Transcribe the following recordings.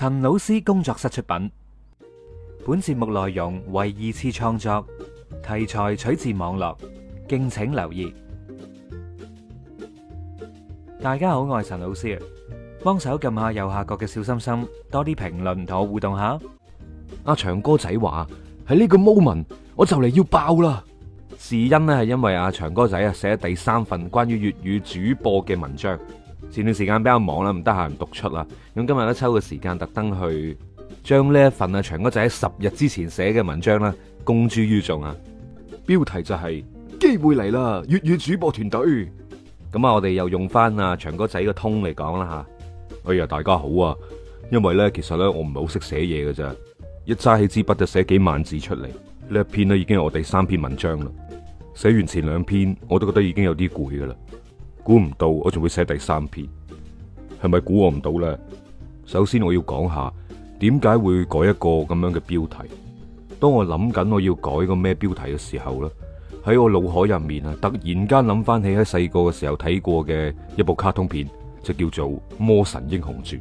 陳老師工作室出品，本節目內容為二次創作，題材取自網絡，敬請留意。大家好，我係陳老師啊，幫手撳下右下角嘅小心心，多啲評論同我互動下。阿、啊、祥哥仔話喺呢個 moment，我就嚟要爆啦。是因呢係因為阿、啊、祥哥仔啊寫第三份關於粵語主播嘅文章。前段時間比較忙啦，唔得閒讀出啦，咁今日咧抽個時間特登去將呢一份啊長哥仔喺十日之前寫嘅文章咧公諸於眾啊！標題就係、是、機會嚟啦，粵語主播團隊。咁啊，我哋又用翻啊長哥仔嘅通嚟講啦嚇。哎呀，大家好啊！因為咧，其實咧，我唔係好識寫嘢㗎咋，一揸起支筆就寫幾萬字出嚟。呢一篇咧已經係我第三篇文章啦。寫完前兩篇，我都覺得已經有啲攰噶啦。估唔到，我仲會寫第三篇，係咪估我唔到咧？首先我要講下點解會改一個咁樣嘅標題。當我諗緊我要改個咩標題嘅時候咧，喺我腦海入面啊，突然間諗翻起喺細個嘅時候睇過嘅一部卡通片，就叫做《魔神英雄傳》。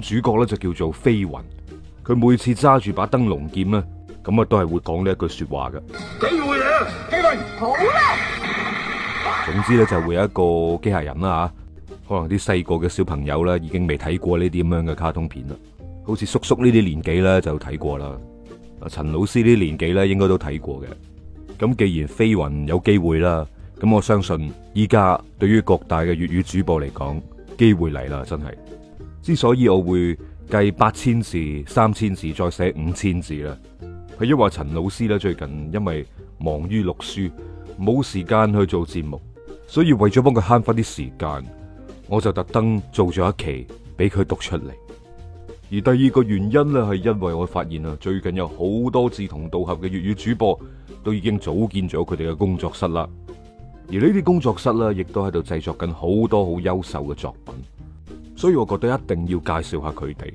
咁主角咧就叫做飛雲，佢每次揸住把燈籠劍咧，咁啊都係會講呢一句說話嘅。機會嚟啦，機會好啦！總之咧就會有一個機械人啦吓，可能啲細個嘅小朋友咧已經未睇過呢啲咁樣嘅卡通片啦，好似叔叔呢啲年紀咧就睇過啦，阿陳老師呢啲年紀咧應該都睇過嘅。咁既然飛雲有機會啦，咁我相信依家對於各大嘅粵語主播嚟講，機會嚟啦，真係。之所以我會計八千字、三千字再寫五千字啦，係因為陳老師咧最近因為忙於錄書，冇時間去做節目。所以為咗幫佢慳翻啲時間，我就特登做咗一期俾佢讀出嚟。而第二個原因呢，係因為我發現啊，最近有好多志同道合嘅粵語主播都已經組建咗佢哋嘅工作室啦。而呢啲工作室呢，亦都喺度製作緊好多好優秀嘅作品。所以我覺得一定要介紹下佢哋，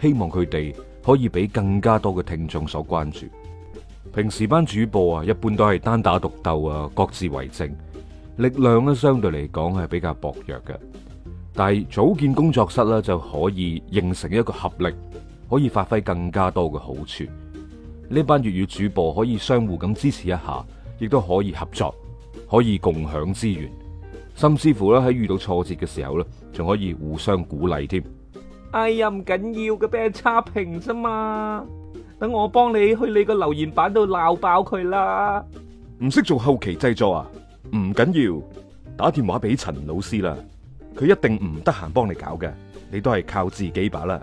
希望佢哋可以俾更加多嘅聽眾所關注。平時班主播啊，一般都係單打獨鬥啊，各自為政。力量咧，相對嚟講係比較薄弱嘅，但係組建工作室咧，就可以形成一個合力，可以發揮更加多嘅好處。呢班粵語主播可以相互咁支持一下，亦都可以合作，可以共享資源。甚至乎咧，喺遇到挫折嘅時候咧，仲可以互相鼓勵添。哎呀，唔緊要嘅，俾人差評咋嘛？等我幫你去你個留言板度鬧爆佢啦！唔識做後期製作啊？唔緊要，打電話俾陳老師啦，佢一定唔得閒幫你搞嘅，你都係靠自己把啦。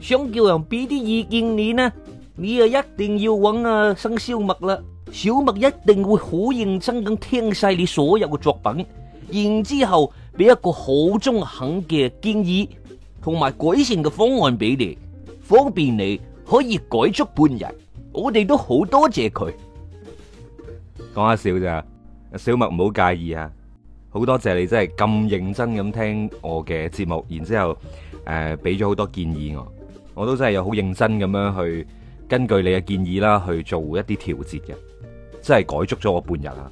想叫人俾啲意見你呢，你又一定要搵阿、啊、生肖麥啦，小麥一定會好認真咁聽晒你所有嘅作品，然之後俾一個好中肯嘅建議同埋改善嘅方案俾你，方便你可以改足半日。我哋都好多謝佢，講下笑咋？小麥唔好介意啊！好多謝你，真係咁認真咁聽我嘅節目，然之後誒俾咗好多建議我，我都真係有好認真咁樣去根據你嘅建議啦，去做一啲調節嘅，真係改足咗我半日啊！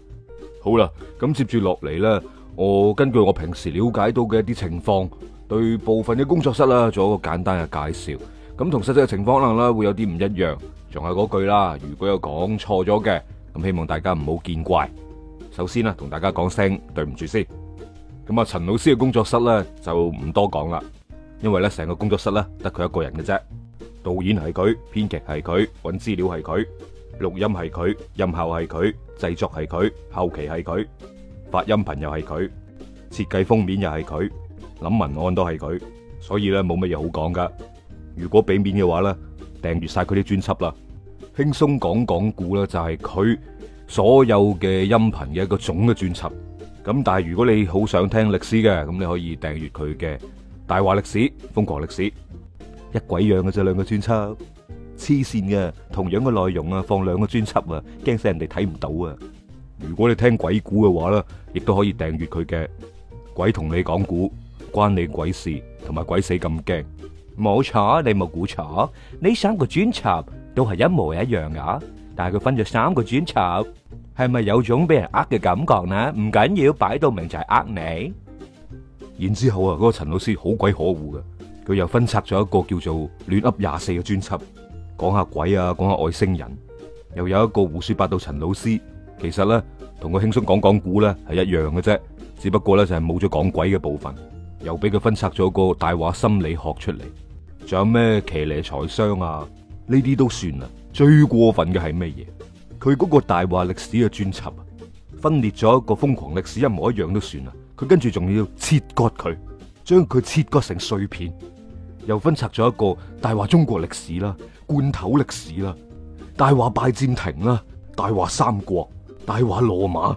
好啦，咁接住落嚟呢，我根據我平時了解到嘅一啲情況，對部分嘅工作室啦做一個簡單嘅介紹，咁同實際嘅情況可能咧會有啲唔一樣，仲係嗰句啦，如果有講錯咗嘅，咁希望大家唔好見怪。首先，同大家講聲對唔住先。咁啊，陳老師嘅工作室咧就唔多講啦，因為咧成個工作室咧得佢一個人嘅啫。導演係佢，編劇係佢，搵資料係佢，錄音係佢，音效係佢，製作係佢，後期係佢，發音頻又係佢，設計封面又係佢，諗文案都係佢。所以咧冇乜嘢好講噶。如果俾面嘅話咧，訂閱晒佢啲專輯啦。輕鬆講講故咧就係佢。所有嘅音頻嘅一個總嘅專輯，咁但係如果你好想聽歷史嘅，咁你可以訂閱佢嘅大話歷史、瘋狂歷史一鬼樣嘅啫，兩個專輯黐線嘅，同樣嘅內容啊，放兩個專輯啊，驚死人哋睇唔到啊！如果你聽鬼故嘅話咧，亦都可以訂閱佢嘅鬼同你講故關你鬼事，同埋鬼死咁驚冇錯，你冇估錯，呢三個專輯都係一模一樣啊！但係佢分咗三個專輯，係咪有種俾人呃嘅感覺呢？唔緊要，擺到明就係呃你。然之後啊，嗰個陳老師好鬼可惡嘅，佢又分拆咗一個叫做亂噏廿四嘅專輯，講下鬼啊，講下外星人，又有一個胡說八道。陳老師其實呢，同佢輕鬆講講古呢係一樣嘅啫，只不過呢，就係冇咗講鬼嘅部分，又俾佢分拆咗個大話心理學出嚟，仲有咩騎呢財商啊？呢啲都算啦。最過分嘅係咩嘢？佢嗰個大話歷史嘅專輯啊，分裂咗一個瘋狂歷史，一模一樣都算啦。佢跟住仲要切割佢，將佢切割成碎片，又分拆咗一個大話中國歷史啦、罐頭歷史啦、大話拜占庭啦、大話三國、大話羅馬、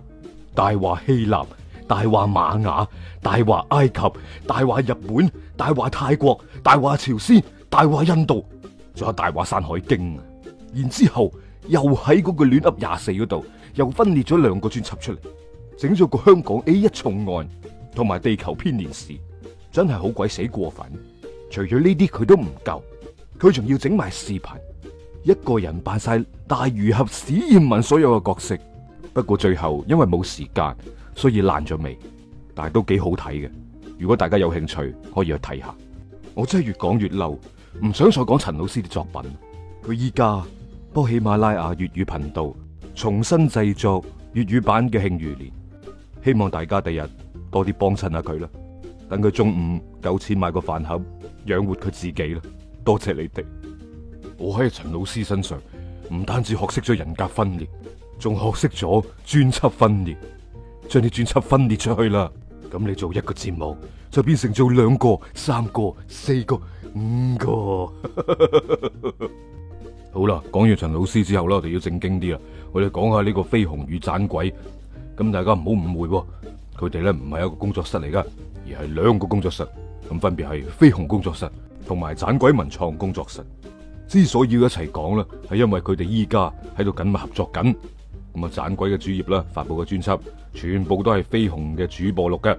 大話希臘、大話瑪雅、大話埃及、大話日本、大話泰國、大話朝鮮、大話印度，仲有大話山海經啊！然之後又喺嗰個亂噏廿四嗰度，又分裂咗兩個專輯出嚟，整咗個香港《A1 重案》同埋《地球編年史》，真係好鬼死過分。除咗呢啲佢都唔夠，佢仲要整埋視頻，一個人扮晒大儒俠、史艷文所有嘅角色。不過最後因為冇時間，所以爛咗尾，但係都幾好睇嘅。如果大家有興趣，可以去睇下。我真係越講越嬲，唔想再講陳老師嘅作品。佢依家。波喜馬拉雅粵語頻道重新製作粵語版嘅《慶餘年》，希望大家第日日多啲幫襯下佢啦，等佢中午夠錢買個飯盒養活佢自己啦。多謝你哋，我喺陳老師身上唔單止學識咗人格分裂，仲學識咗專輯分裂，將啲專輯分裂出去啦。咁你做一個節目，就變成做兩個、三個、四個、五個。 好啦，講完陳老師之後啦，我哋要正經啲啦，我哋講下呢個飛鴻與斬鬼。咁大家唔好誤會，佢哋咧唔係一個工作室嚟噶，而係兩個工作室。咁分別係飛鴻工作室同埋斬鬼文創工作室。之所以要一齊講咧，係因為佢哋依家喺度緊密合作緊。咁啊，斬鬼嘅主頁啦，發布嘅專輯全部都係飛鴻嘅主播錄嘅，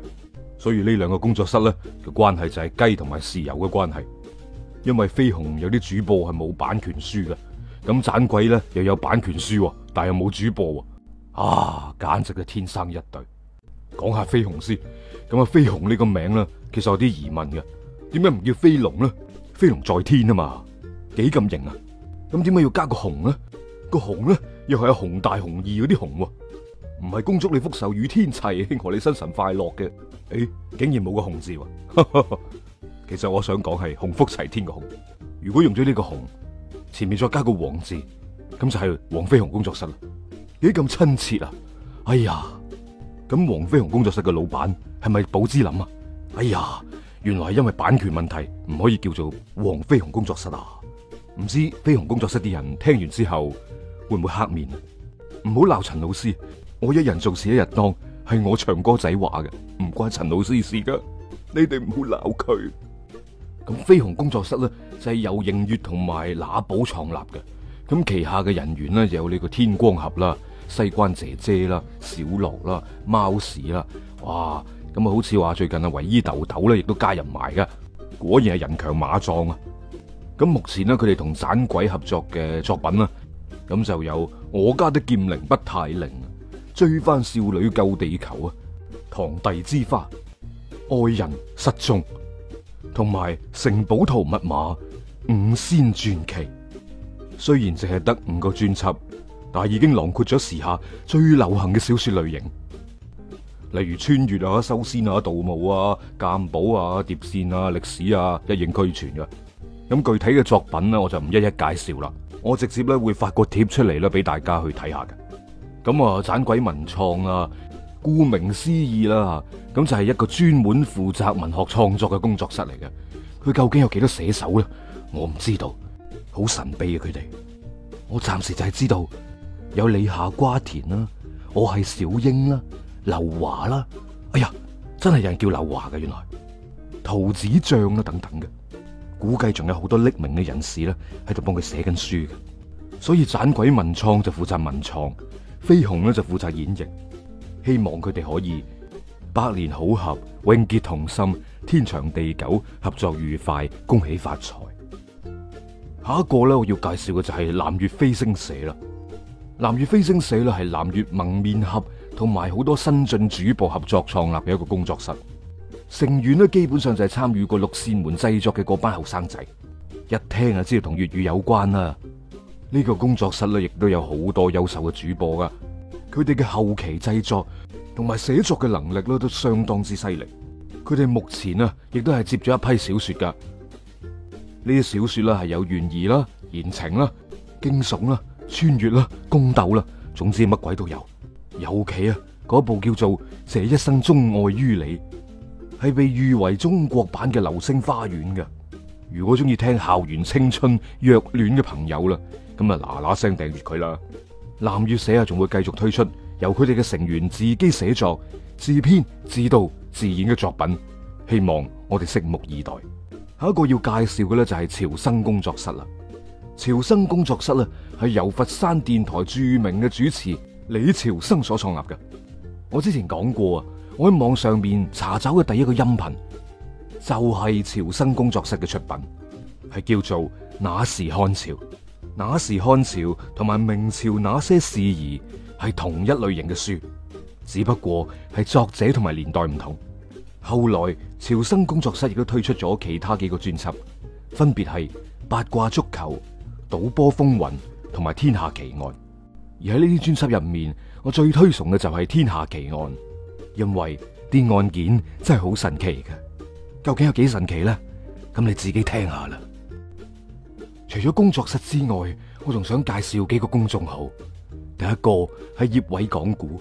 所以呢兩個工作室咧嘅關係就係雞同埋豉油嘅關係。因為飛鴻有啲主播係冇版權書嘅。咁盞鬼咧又有版權書，但又冇主播啊，啊簡直就天生一對。講下飛鴻先，咁啊飛鴻呢個名咧，其實有啲疑問嘅，點解唔叫飛龍咧？飛龍在天啊嘛，幾咁型啊？咁點解要加個鴻咧？個鴻咧又係鴻大鴻二嗰啲鴻喎，唔係恭祝你福壽與天齊，和你生辰快樂嘅，誒、欸，竟然冇個鴻字喎、啊。其實我想講係鴻福齊天嘅鴻，如果用咗呢個鴻。前面再加個黃字，咁就係黃飛鴻工作室啦。咦，咁親切啊！哎呀，咁黃飛鴻工作室嘅老闆係咪寶芝林啊？哎呀，原來係因為版權問題唔可以叫做黃飛鴻工作室啊！唔知飛鴻工作室啲人聽完之後會唔會黑面啊？唔好鬧陳老師，我一人做事一人當，長哥，係我祥哥仔話嘅，唔關陳老師事㗎！你哋唔好鬧佢。咁飛鴻工作室咧就係由盈月同埋拿寶創立嘅，咁旗下嘅人員呢，有呢個天光俠啦、西關姐姐啦、小羅啦、貓屎啦，哇！咁啊好似話最近啊維伊豆豆咧亦都加入埋噶，果然係人強馬壯啊！咁目前呢，佢哋同盞鬼合作嘅作品啦，咁就有《我家的劍靈不太靈》、追翻少女救地球啊、堂弟之花、愛人失蹤。同埋城堡圖密碼、五仙傳奇，雖然淨係得五個專輯，但係已經囊括咗時下最流行嘅小說類型，例如穿越啊、修仙啊、盜墓啊、鑑寶啊、碟仙啊、歷史啊，一應俱全嘅。咁具體嘅作品咧，我就唔一一介紹啦，我直接咧會發個貼出嚟啦，俾大家去睇下嘅。咁啊，盞鬼文創啊！顧名思義啦，咁就係一個專門負責文學創作嘅工作室嚟嘅。佢究竟有幾多寫手咧？我唔知道，好神秘啊！佢哋，我暫時就係知道有李夏瓜田啦，我係小英啦，劉華啦。哎呀，真係有人叫劉華嘅，原來桃子醬啦等等嘅，估計仲有好多匿名嘅人士咧，喺度幫佢寫緊書。所以斬鬼文創就負責文創，飛鴻咧就負責演繹。希望佢哋可以百年好合、永結同心、天長地久、合作愉快、恭喜發財。下一個咧，我要介紹嘅就係南粵飛星社啦。南粵飛星社咧係南粵蒙面俠同埋好多新晉主播合作創立嘅一個工作室。成員咧基本上就係參與過六扇門製作嘅嗰班後生仔。一聽啊，知道同粵語有關啦。呢個工作室咧亦都有好多優秀嘅主播噶。佢哋嘅後期製作同埋寫作嘅能力咧，都相當之犀利。佢哋目前啊，亦都係接咗一批小說噶。呢啲小說咧係有懸疑啦、言情啦、驚悚啦、穿越啦、宮鬥啦，總之乜鬼都有。尤其啊，嗰部叫做《這一生鍾愛於你》，係被譽為中國版嘅《流星花園》噶。如果中意聽校園青春、虐戀嘅朋友啦，咁啊嗱嗱聲訂閱佢啦。南粵社啊，仲會繼續推出由佢哋嘅成員自己寫作、自編、自導、自演嘅作品，希望我哋拭目以待。下一個要介紹嘅咧就係潮生工作室啦。潮生工作室咧係由佛山電台著名嘅主持李潮生所創立嘅。我之前講過啊，我喺網上面查找嘅第一個音頻就係、是、潮生工作室嘅出品，係叫做《那時漢朝》。那時漢朝同埋明朝那些事兒係同一類型嘅書，只不過係作者同埋年代唔同。後來潮生工作室亦都推出咗其他幾個專輯，分別係八卦足球、賭波風雲同埋天下奇案。而喺呢啲專輯入面，我最推崇嘅就係天下奇案，因為啲案件真係好神奇嘅。究竟有幾神奇呢？咁你自己聽一下啦。除咗工作室之外，我仲想介紹幾個公眾號。第一個係葉偉講古，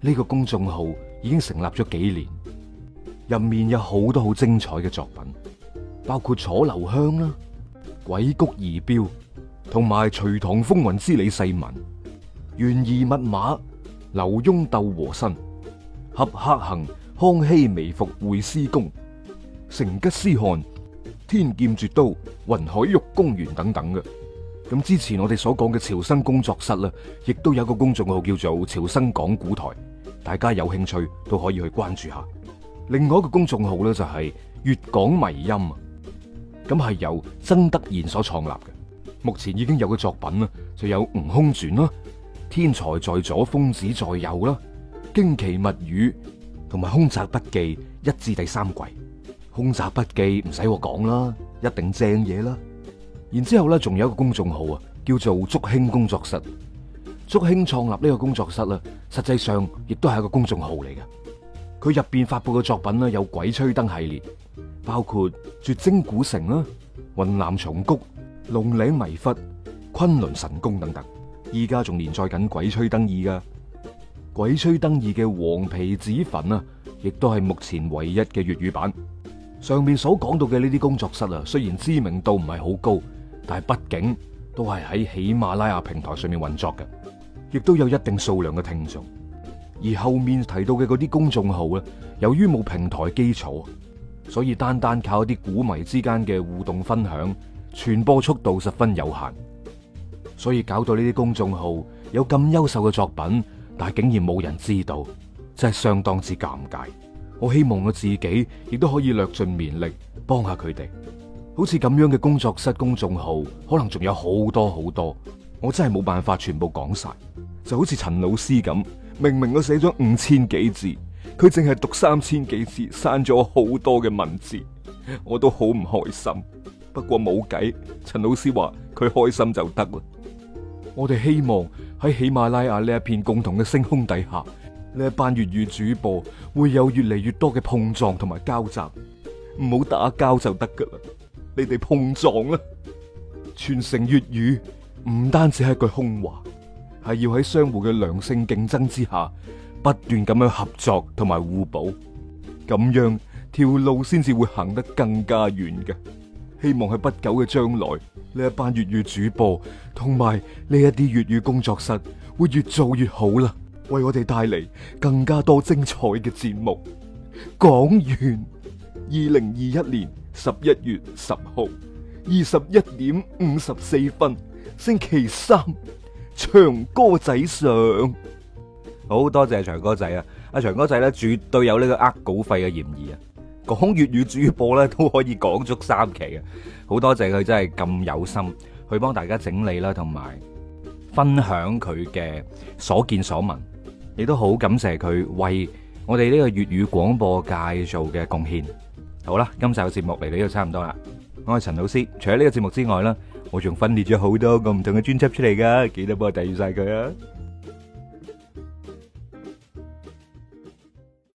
呢個公眾號已經成立咗幾年，入面有好多好精彩嘅作品，包括楚留香啦、鬼谷二鏢，同埋隋唐風雲之李世民、懸疑密碼、劉墉鬥和珅、俠客行、康熙微服會師宮、成吉思汗。天劍絕刀、雲海玉公園等等嘅，咁之前我哋所講嘅潮生工作室啦，亦都有個公眾號叫做潮生講古台，大家有興趣都可以去關注下。另外一個公眾號咧就係粵港迷音，咁係由曾德賢所創立嘅，目前已經有嘅作品啦，就有《悟空傳》啦，《天才在左瘋子在右》啦，《驚奇物語》同埋《凶宅筆記》一至第三季。《空宅筆記》唔使我講啦，一定正嘢啦。然之後咧，仲有一個公眾號啊，叫做竹興工作室。竹興創立呢個工作室呢，實際上亦都係一個公眾號嚟嘅。佢入邊發布嘅作品呢，有《鬼吹燈》系列，包括《絕徵古城》啦、雲南松谷、龍嶺迷窟、崑崙神宮等等。依家仲連載緊《鬼吹燈二》噶，《鬼吹燈二》嘅黃皮子墳啊，亦都係目前唯一嘅粵語版。上面所講到嘅呢啲工作室啊，雖然知名度唔係好高，但係畢竟都係喺喜馬拉雅平台上面運作嘅，亦都有一定數量嘅聽眾。而後面提到嘅嗰啲公眾號咧，由於冇平台基礎，所以單單靠一啲股迷之間嘅互動分享，傳播速度十分有限。所以搞到呢啲公眾號有咁優秀嘅作品，但係竟然冇人知道，真係相當之尷尬。我希望我自己亦都可以略盡綿力幫下佢哋，好似咁樣嘅工作室公眾號，可能仲有好多好多，我真係冇辦法全部講晒。就好似陳老師咁，明明我寫咗五千幾字，佢淨係讀三千幾字，刪咗好多嘅文字，我都好唔開心。不過冇計，陳老師話佢開心就得啦。我哋希望喺喜馬拉雅呢一片共同嘅星空底下。呢一班粵語主播會有越嚟越多嘅碰撞同埋交集，唔好打交就得噶啦。你哋碰撞啦，傳承粵語唔單止係一句空話，係要喺相互嘅良性競爭之下，不斷咁樣合作同埋互補，咁樣條路先至會行得更加遠嘅。希望喺不久嘅將來，呢一班粵語主播同埋呢一啲粵語工作室會越做越好啦。為我哋帶嚟更加多精彩嘅節目。講完。二零二一年十一月十號二十一點五十四分，星期三，祥哥仔上。好多謝祥哥仔啊！阿祥哥仔咧，絕對有呢個呃稿費嘅嫌疑啊！講粵語主播咧都可以講足三期啊！好多謝佢真係咁有心去幫大家整理啦，同埋分享佢嘅所見所聞。亦都好感謝佢為我哋呢個粵語廣播界做嘅貢獻。好啦，今集嘅節目嚟到呢度差唔多啦。我係陳老師，除咗呢個節目之外呢，我仲分裂咗好多個唔同嘅專輯出嚟㗎，記得幫我訂閱晒佢啊！